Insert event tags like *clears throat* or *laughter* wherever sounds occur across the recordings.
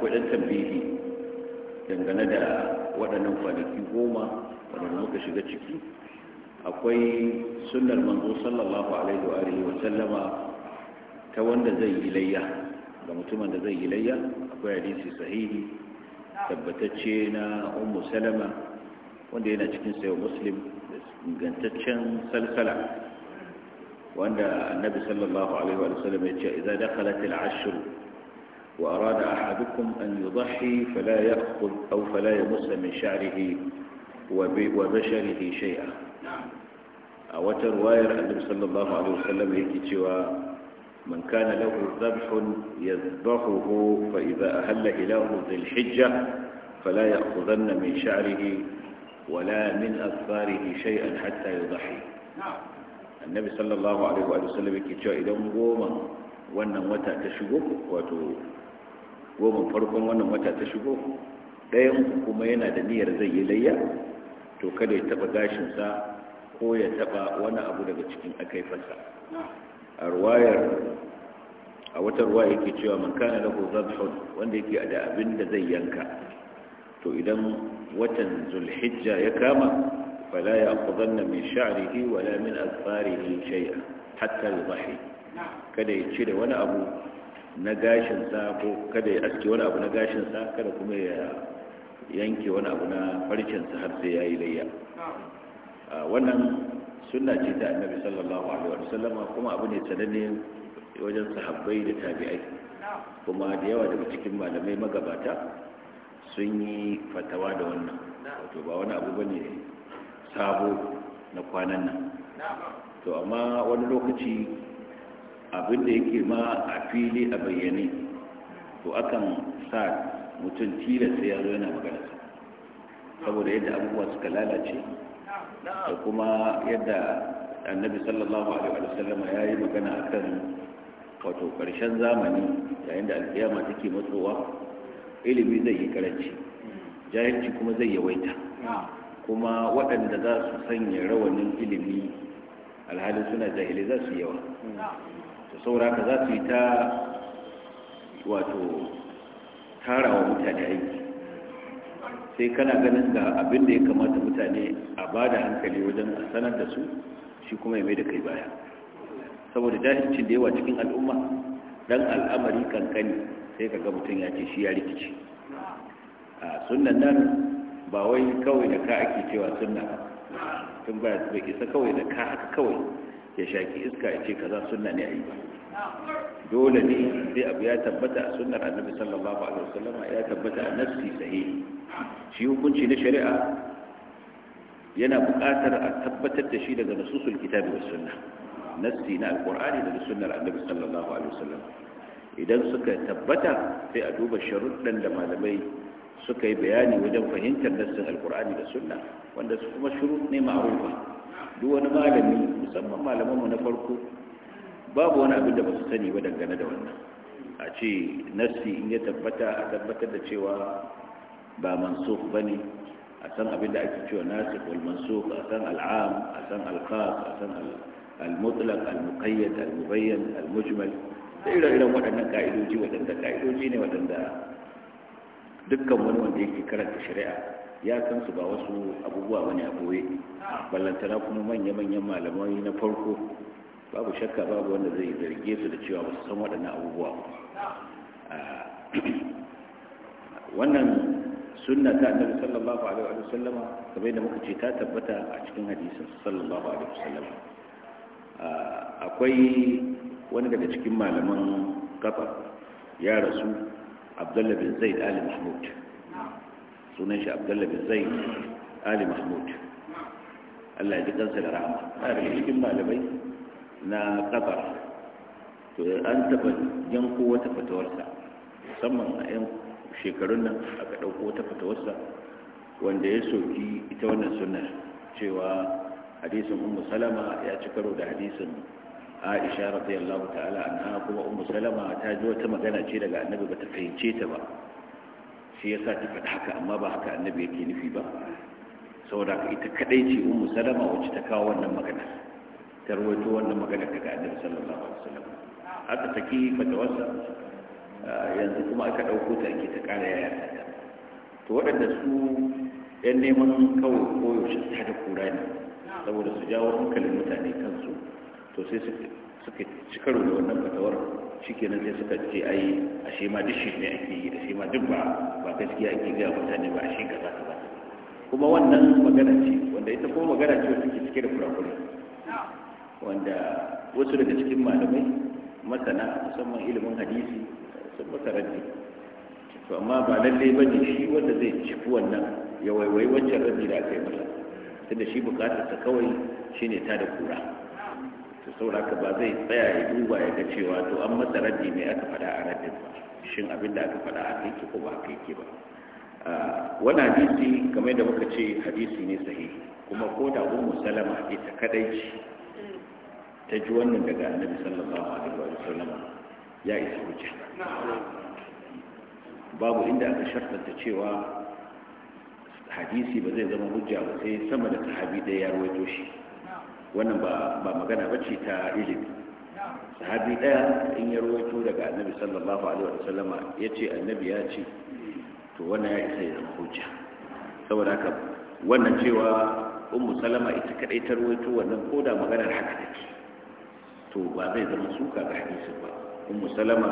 kudin tambihi dangane da waɗannan kwanaki goma waɗanda muka shiga ciki akwai sunnar manzo sallallahu alaihi wa alihi sallama ta wanda zai yi layya ga mutumin da zai yi layya akwai hadisi sahihi tabbatacce na ummu salama wanda yana cikin sayo muslim ingantaccen salsala wanda annabi sallallahu alaihi wa sallam ya ce idza dakhalat al-ashr وأراد أحدكم أن يضحي فلا يأخذ أو فلا يمس من شعره وبشره شيئا أو ترواية النبي صلى الله عليه وسلم يكتوى من كان له ذبح يذبحه فإذا أهل إله ذي الحجة فلا يأخذن من شعره ولا من أثاره شيئا حتى يضحي النبي صلى الله عليه وسلم يكتوى إذا مقوما وأن wata ta shigo goma farkon wannan wata ta shigo ɗayan kuma yana da niyyar zai yi layya to kada ya taɓa gashinsa ko ya taɓa wani abu daga cikin akaifarsa a ruwayar a wata ruwa yake cewa man kana lahu zabhun wanda yake da abin da zai yanka to idan watan zulhijja ya kama fala ya'qudanna min sha'rihi wala min azfarihi shay'a hatta yudhi kada ya cire wani abu na gashinsa ko kada ya aske wani abu na gashinsa kada kuma ya yanke wani abu na farcinsa har sai ya yi layya wannan sunna ce ta annabi sallallahu alaihi wasallam kuma abu ne sananne wajen sahabbai da tabi'ai kuma da yawa daga cikin malamai magabata sun yi fatawa da wannan wato ba wani abu bane sabo na kwanan nan to amma wani lokaci abin da yake ma a fili a bayyane to akan sa mutum tilasta ya zo yana magana saboda yadda abubuwa suka lalace da kuma yadda annabi sallallahu alaihi wa sallama ya yi magana akan wato karshen zamani yayin da alkiyama take matsowa ilimi zai yi karanci jahilci kuma zai yawaita kuma waɗanda za su sanya rawanin ilimi alhali suna jahilai za su yawa da saura ka za su yi ta wato tara wa mutane aiki sai kana ganin da abin da ya kamata mutane a ba da hankali wajen a sanar da su shi kuma ya mai da kai baya saboda jahilcin da yawa cikin al'umma don al'amari kankani sai ka ga mutum ya ce shi ya rikici a sunan nan ba wai kawai da ka ake cewa sunna tun ba isa kawai da ka haka kawai ya shaki iska ya ce kaza suna ne a yi dole ne sai abu ya tabbata a sunnar annabi sallallahu alaihi wasallam ya tabbata a nafsi sahihi shi hukunci na shari'a yana buƙatar a tabbatar da shi daga nasusul kitabi was sunna nassi na alqur'ani daga sunnar annabi sallallahu alaihi wasallam idan suka tabbata sai a duba sharuɗan da malamai suka yi bayani wajen fahimtar nassin alqur'ani da sunna wanda su kuma shuru ne ma'rufa duk wani malami musamman malamanmu na farko babu wani abin da ba su sani ba dangane da wannan a ce nassi in ya tabbata a tabbatar da cewa ba mansuf ba ne a san abin da ake cewa nasif wal mansuf a san al'am a san alkhas a san al-mutlaq al-muqayyad al-mubayyan al-mujmal da ire-iren waɗannan ka'idoji waɗanda ka'idoji ne waɗanda dukkan wani wanda yake karanta shari'a ya san su ba wasu abubuwa bane a boye ballantana kuma manya-manyan malamai na farko babu shakka babu wanda zai zarge su da cewa ba su san waɗannan abubuwa ah, *clears throat* wannan sunna ta annabi sallallahu alaihi wa sallama kamar da muka ce ta tabbata a cikin hadisin sallallahu alaihi wa sallama ah, akwai wani daga cikin malaman kafa ya rasu Abdullahi bin zaid ali mahmud sunan shi Abdullahi zai ali mahmud allah ya ji kansa da rahama a daga cikin malamai na kabar to an taɓa yanko wata fatawarsa musamman a yan shekarun nan aka ɗauko wata fatawarsa wanda ya soki ita wannan sunan cewa hadisin ummu salama ya ci karo da hadisin aisha radiyallahu ta'ala anha kuma ummu salama ta ji wata magana ce daga annabi bata fahimce ta ba shi yasa ta faɗi haka amma ba haka annabi yake nufi ba saboda ka ita kadai ce ummu salama wacce ta kawo wannan magana ta rawaito wannan magana daga annabi sallallahu alaihi wasallam aka da fatawarsa yanzu kuma aka dauko ta ake ta ƙara yaya ta to waɗanda su ɗan neman kawai koyaushe ta da kura ne saboda su jawo hankalin mutane kansu to sai suka cikaro da wannan fatawar nan sai suka ce ai shi ma dishi shi ne ake yi a shi ma duk ba ba gaskiya ake ga mutane ba a shi kaza kaza kuma wannan magana ce wanda ita kuma magana ce wata ke cike da kurakuri wanda wasu daga cikin malamai masana musamman ilimin hadisi sun masa rabi to amma ba lallai ba ne shi wanda zai cifi wannan ya waiwai wancan rabi da aka yi masa tunda shi bukatarsa kawai shine ta da kura to sauraka ba zai tsaya ya duba ya ga cewa to an masa rabi mai aka faɗa a rabin ba shin abin da aka faɗa kai ki ko ba kai ki ba wani hadisi kamar da muka ce hadisi ne sahihi kuma ko da ku salama ita kadai ce ta ji wannan daga annabi sallallahu alaihi wa sallam ya isa hujja babu inda aka shartanta cewa hadisi ba zai zama hujja ba sai sama da sahabi da ya rawaito shi wannan ba magana ba ce ta ilimi sahabi ɗaya in ya rawaito daga annabi sallallahu alaihi wa sallama ya ce annabi ya ce to wannan ya isa ya zama hujja saboda haka wannan cewa ummu salama ita kadai ta rawaito wannan ko da maganar haka take to ba zai zama suka ga hadisi ba ummu salama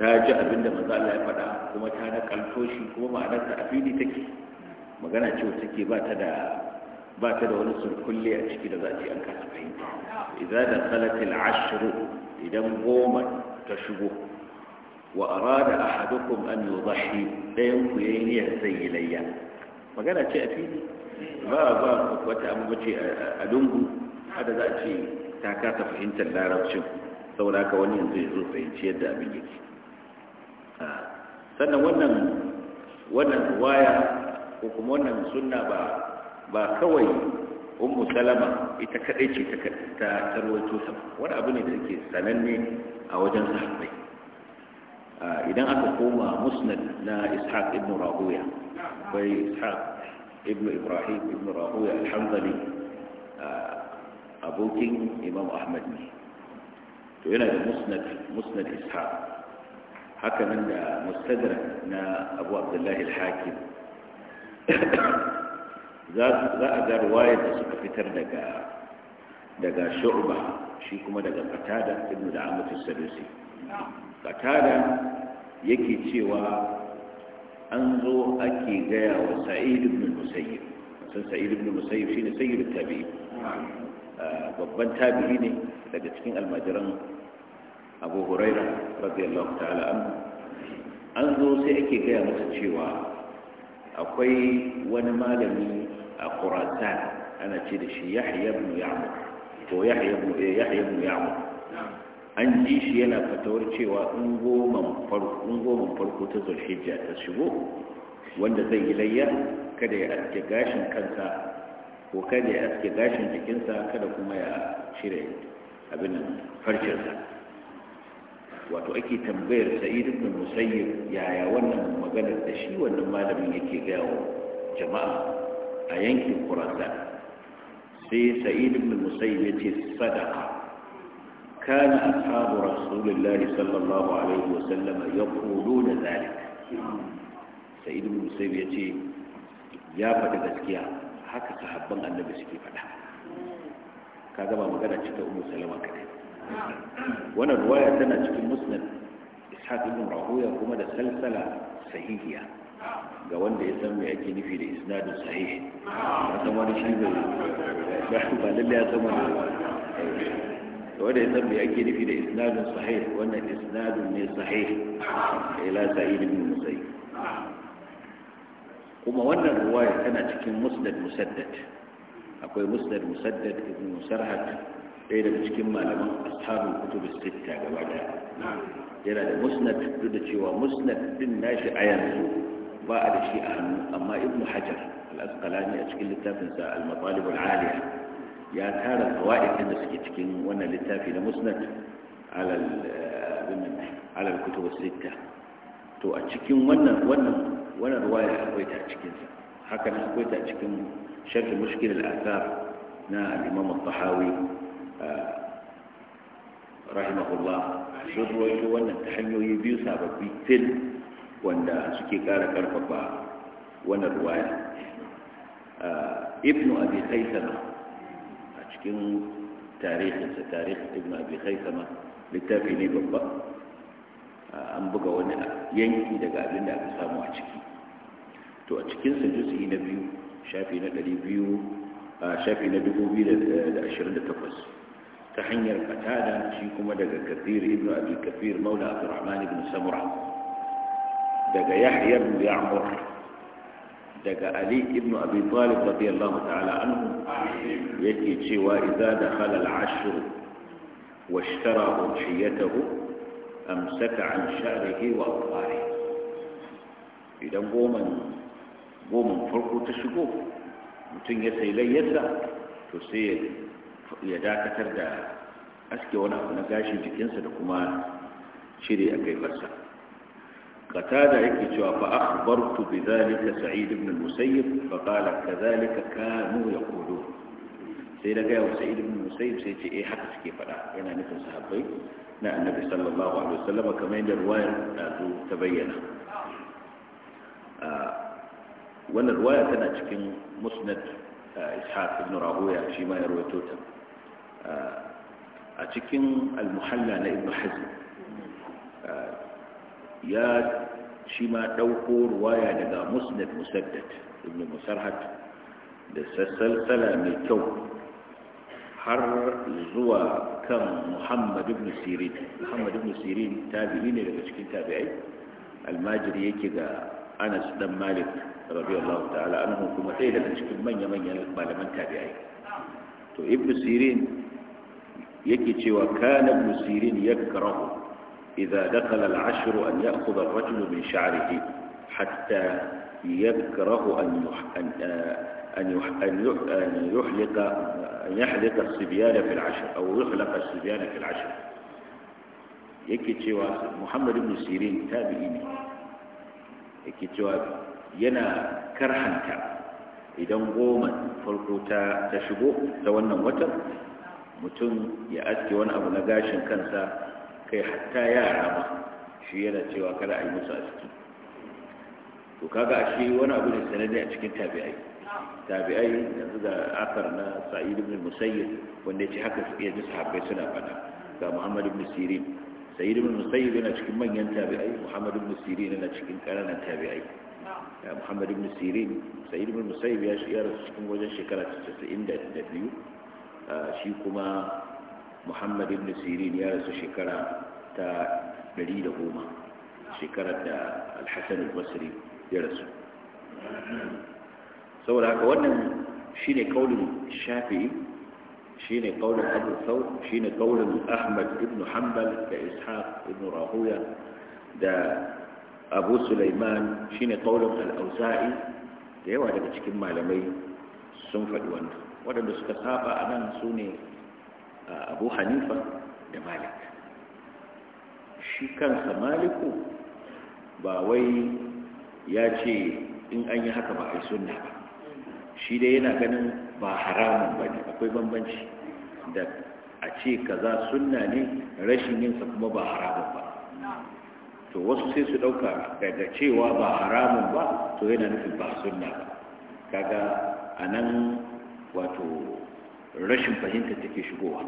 ta ji abin da manzo Allah ya faɗa kuma ta nakalto shi kuma ma'anarta a fili take magana cewa take ba ta da ba ta da wani sulkulle a ciki da za a ce an kasa fahimta idza da khalatil ashiru idan goma ta shigo wa arada ahadukum an yudahi dayan ku yayin ya zai layya magana ce a fili ba ba wata abu ce a dungu hada za a ce ta kasa fahimtar larabcin saboda ka wani yanzu ya zo fahimci yadda abin yake sannan wannan wannan waya ko kuma wannan sunna ba ba kawai ummu salama ita kadai ce ta tarwato sa wani abu ne da yake sananne a wajen sahabbai idan aka koma musnad na ishaq ibn rahuya bai ishaq ibn ibrahim ibn rahuya alhamdali abokin imam ahmad ne to yana da musnad musnad ishaq haka nan da mustadrak na abu abdullahi alhakim za a ga ruwayar da suka fitar daga daga shu'ba shi kuma daga qatada ibn da'amat as-sadusi qatada yake cewa an zo ake gaya wa sa'id ibn musayyib san sa'id ibn musayyib shine sayyid tabi'i ah, babban tabi'i ne daga cikin almajiran abu huraira radiyallahu ta'ala an zo sai ake gaya masa cewa akwai wani malami a khurasan ana ce da shi yahya ibn ya'mur ko yahya ibn eh, yahya ibn ya'mur an ji shi yana fatawar cewa in goma farko in goma farko ta zulhijja ta shigo wanda zai yi layya kada ya aske gashin kansa ko kada ya aske gashin jikinsa kada kuma ya cire abin farcinsa wato ake tambayar sa'id ibn musayyib yaya wannan maganar da shi wannan malamin yake gaya wa jama'a a yankin Khurasan sai Sa'id ibn Musayyib ya ce sadaqa kana ashabu Rasulullahi sallallahu alaihi wasallam yaquluna dhalik Sa'id ibn Musayyib ya ce ya faɗi gaskiya haka sahabban Annabi suke faɗa ka gaba magana cikin Ummu Salama kadai wannan ruwaya tana cikin Musnad Ishaq ibn Rahuya kuma da salsala sahihiya ga wanda ya san me ake nufi da isnadin sahih a san wani shi ne ba lalle ya san wani da wanda ya san me ake nufi da isnadin sahih wannan isnadin ne sahih ila sa'id ibn musayyib kuma wannan ruwaya tana cikin musnad musaddad akwai musnad musaddad ibn musarhat ɗaya daga cikin malaman ashabul kutub sitta gaba da yana da musnad duk da cewa musnad din nashi a yanzu ba a da shi a hannu amma ibnu hajar al-asqalani a cikin littafinsa al-matalib al-aliya ya tara fawaidin da suke cikin wannan littafi na musnad alal abin alal kutub sitta to a cikin wannan wannan wannan ruwaya akwai ta cikin sa haka nan akwai ta cikin sharh mushkil al-athar na al-imam al-tahawi rahimahullah sun ruwaito wannan ta hanyoyi biyu sababbi fil wanda suke ƙara ƙarfafa wannan ruwaya ah, ibnu abi haisama a cikin tarihinsa tarihin ibnu abi haisama littafi ne babba ah, an buga wani yanki daga abin da aka samu a ciki to a cikinsa juzi na biyu shafi na ɗari biyu shafi na dubu biyu da ashirin da takwas ta hanyar katada shi kuma daga kafir ibn abi kafir maula abdurrahman ibn samura daga yahya ibn ya'mur daga ali ibn abi talib radiyallahu ta'ala anhu yake cewa idza dakhala al-ashr wa ishtara hiyatahu amsaka an sha'rihi wa afarihi idan goman goman farko ta shigo mutum ya sai layyarsa to sai ya dakatar da aske wani abu na gashin jikinsa da kuma shirya a kai farsa قتادة يكتشوا فأخبرت بذلك سعيد بن المسيب فقال كذلك كانوا يقولون سيدا جاء سعيد بن المسيب سيتي إيه حق سكي فلا أنا إيه نفس صحابي نا نعم، النبي صلى الله عليه وسلم كما عند الرواية تبين وانا آه، وأن الرواية تنا تكن مسند آه، إسحاق بن راهوية شيما يروي توتا آه، أتكن المحلى لابن حزم يا shi ma ɗauko ruwaya daga musnad musaddad ibn musarhat da sassalsala mai kyau har zuwa kan muhammad ibn sirin muhammad ibn sirin tabi'i ne daga cikin tabi'ai almajiri yake ga anas dan malik radiyallahu ta'ala anhu kuma ɗaya daga cikin manya-manyan malaman tabi'ai to ibn sirin yake cewa kana ibn sirin yakrahu إذا دخل العشر أن يأخذ الرجل من شعره حتى يكره أن أن أن أن يحلق أن يحلق الصبيان في العشر أو يحلق الصبيان في العشر. يكتشوا محمد بن سيرين تابعين يكتشوا ينا كرحنك idan goman farko ta ta shigo ta wannan watan mutum ya aske wani abu kai hatta yara ma shi yana cewa kada a yi musu aski to kaga a shi wani abu ne sanadi a cikin tabi'ai tabi'ai yanzu da akar na sa'id ibn musayyib wanda ya ce haka su iya ji sahabbai suna fada ga muhammad ibn sirin sa'id ibn musayyib yana cikin manyan tabi'ai muhammad ibn sirin yana cikin ƙananan tabi'ai ya muhammad ibn sirin sa'id ibn musayyib ya shi cikin wajen shekara 92 shi kuma محمد بن سيرين يا رسول شكرا تا دليل هما شكرا تا الحسن البصري يا رسول سو لك وانا شين قول الشافعي شين قول ابو الثور شين قول احمد ابن حنبل كاسحاق ابن راهويا دا ابو سليمان شين قول الاوزاعي da yawa daga cikin malamai sun faɗi wanda waɗanda suka saba a nan su ne abu hanifa da malik shi kansa maliku ba wai ya ce in an yi haka ba a yi suna ba shi dai yana ganin ba haramun ba ne akwai bambanci da a ce kaza suna ne rashin yinsa kuma ba haramun ba to wasu sai su ɗauka daga cewa ba haramun ba to yana nufin ba suna ba kaga a nan wato rashin fahimta take shigowa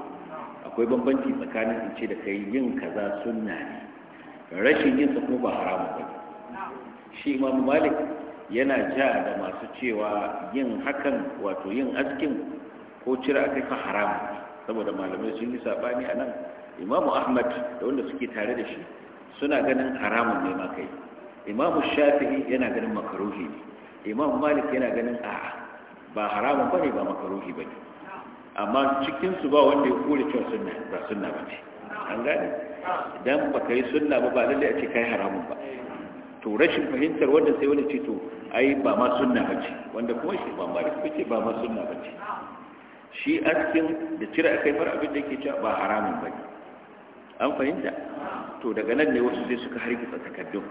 akwai bambanci tsakanin in ce da kai yin kaza sunna ne rashin yin kuma ba haramun ba shi imam malik yana ja da masu cewa yin hakan wato yin askin ko cire kai fa haramun saboda malamai sun yi sabani a nan imamu ahmad da wanda suke tare da shi suna ganin haramun ne ma kai imamu shafi'i yana ganin makaruhi ne imamu malik yana ganin a'a ba haramun bane ba makaruhi bane amma cikin su ba wanda ya kore cewa sunna ba sunna ba ce an gane idan ba ka yi sunna ba ba lalle a ce kai haramun ba to rashin fahimtar wanda sai wani ce to ai ba ma sunna ba ce wanda kuma shi ba mari ko ce ba ma sunna ba ce shi askin da cire a mar abin da yake cewa ba haramun ba ne an fahimta to daga nan ne wasu sai suka hargitsa takaddun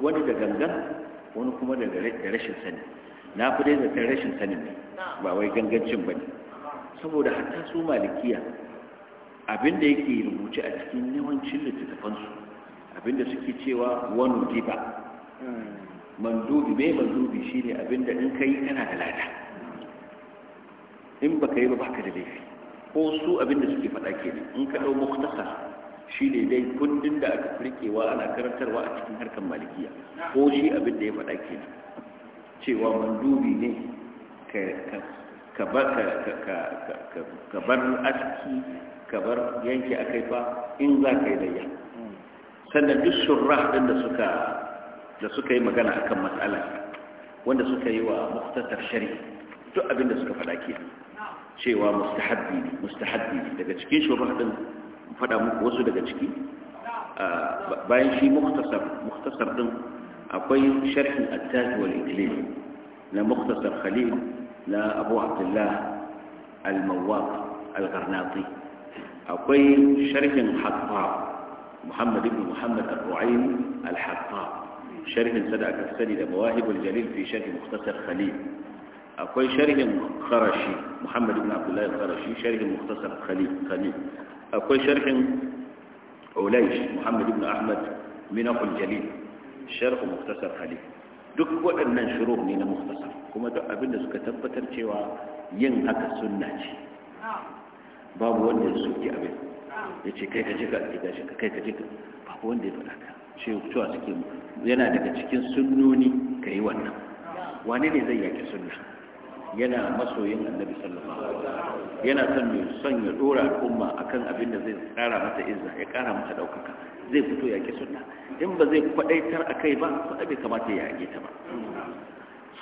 wani da gangan wani kuma da rashin sani na fi dai zaton rashin sanin ne ba wai gangancin ba ne saboda hatta su malikiya abinda yake rubuce a cikin yawancin littattafansu abinda suke cewa wani ba, mandubi mai mandubi ne abinda in kai kana da lada in baka yi ba baka da laifi ko su abinda suke faɗa ne in ka ɗau muktasar shi ne dai kundin da aka firkewa ana karantarwa a cikin harkar malikiya ko shi abin da ya faɗa ke cewa mandubi ne ka bar aski ka bar yanki a kai fa in za ka yi layya sannan duk shurra ɗin da suka yi magana akan matsala wanda suka yi wa muktatar shari duk abinda suka faɗa ke cewa mustahabbi ne mustahabbi ne daga cikin shurra ɗin faɗa muku wasu daga ciki bayan shi muktasar muktasar ɗin akwai sharhin attaji wal na muktasar khalil na abu abdullah al-mawwaq al-garnati akwai sharhin hatta muhammad ibn muhammad al-ru'ayn al-hatta sharhin sada aka sani da mawahibul jalil fi sharh mukhtasar khalil akwai sharhin kharashi muhammad ibn abdullah al-kharashi sharhin mukhtasar khalil khalil akwai sharhin ulaysh muhammad ibn ahmad minah al-jalil sharh mukhtasar khalil duk waɗannan shuru ne na kuma duk abin da suka tabbatar cewa yin haka sunna ce babu wanda ya soki abin ya ce kai ka jika ka shi kai ka jika babu wanda ya faɗa ce cewa suke yana daga cikin sunnoni ka yi wannan Wani ne zai yake sunna yana masoyin annabi sallallahu alaihi wasallam yana son ya son ya dora al'umma akan abin da zai kara mata izza ya kara mata daukaka zai fito yake sunna in ba zai kwadaitar akai ba sai abin kamata ya yage ta ba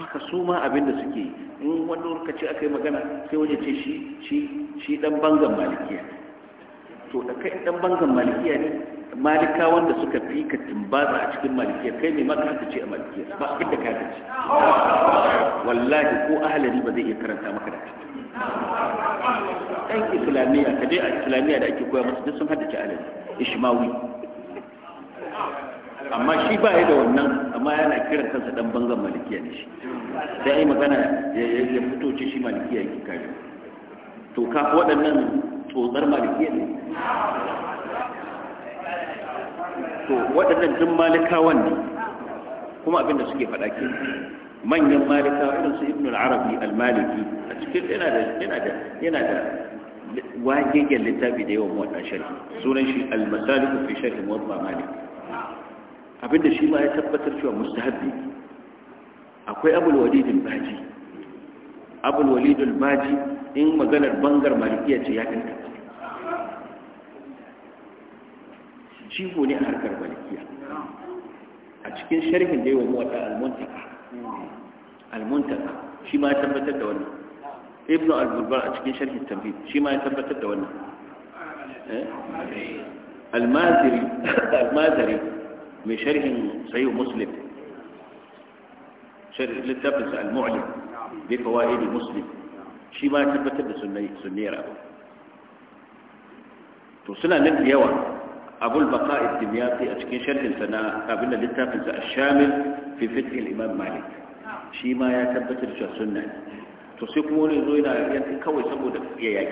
haka su ma abin da suke in wani lokaci aka yi magana sai wani ce shi shi shi dan bangan malikiya to da kai dan bangan malikiya ne malika wanda suka fi ka timbaza a cikin malikiya kai ne maka ka ce a malikiya ba abin da ka ce wallahi ko ahalari ba zai iya karanta maka da kai dan islamiyya ka je a islamiyya da ake koya musu duk sun haddace ahalari ishmawi amma shi ba ya da wannan amma yana kiran kansa dan banzan malikiya ne shi sai yi magana ya fito ce shi malikiya yake kare to ka waɗannan tsotsar malikiya ne to waɗannan duk malikawan ne kuma abin da suke faɗa ke manyan malikawa irin su ibnu al-arabi al-maliki a cikin yana da yana da yana da wajegen littafi da yawan muwaɗa sharhi sunan shi al-masaliku fi sharhi muwaɗa maliki abinda shi ma ya tabbatar cewa mustahabbi akwai abul walidin baji abul walidul baji in maganar bangar malikiya ce ya kanta cifo ne a harkar malikiya a cikin sharhin da yi wa muwata almuntaka almuntaka shi ma ya tabbatar da wannan ibnu al-bulbar a cikin sharhin tamhid shi ma ya tabbatar da wannan eh? al-maziri al-maziri من شرح صحيح مسلم شرح للتبس المعلم بفوائد مسلم شيء ما تبت بسنية سنية رأبو توصلنا للبيوة أبو البقاء الدمياطي أشكي شرح سنة قابلنا للتبس الشامل في فتح الإمام مالك شيء ما تبت بسنية توصلكم لذوينا يمكن يعني كوي سبودك يا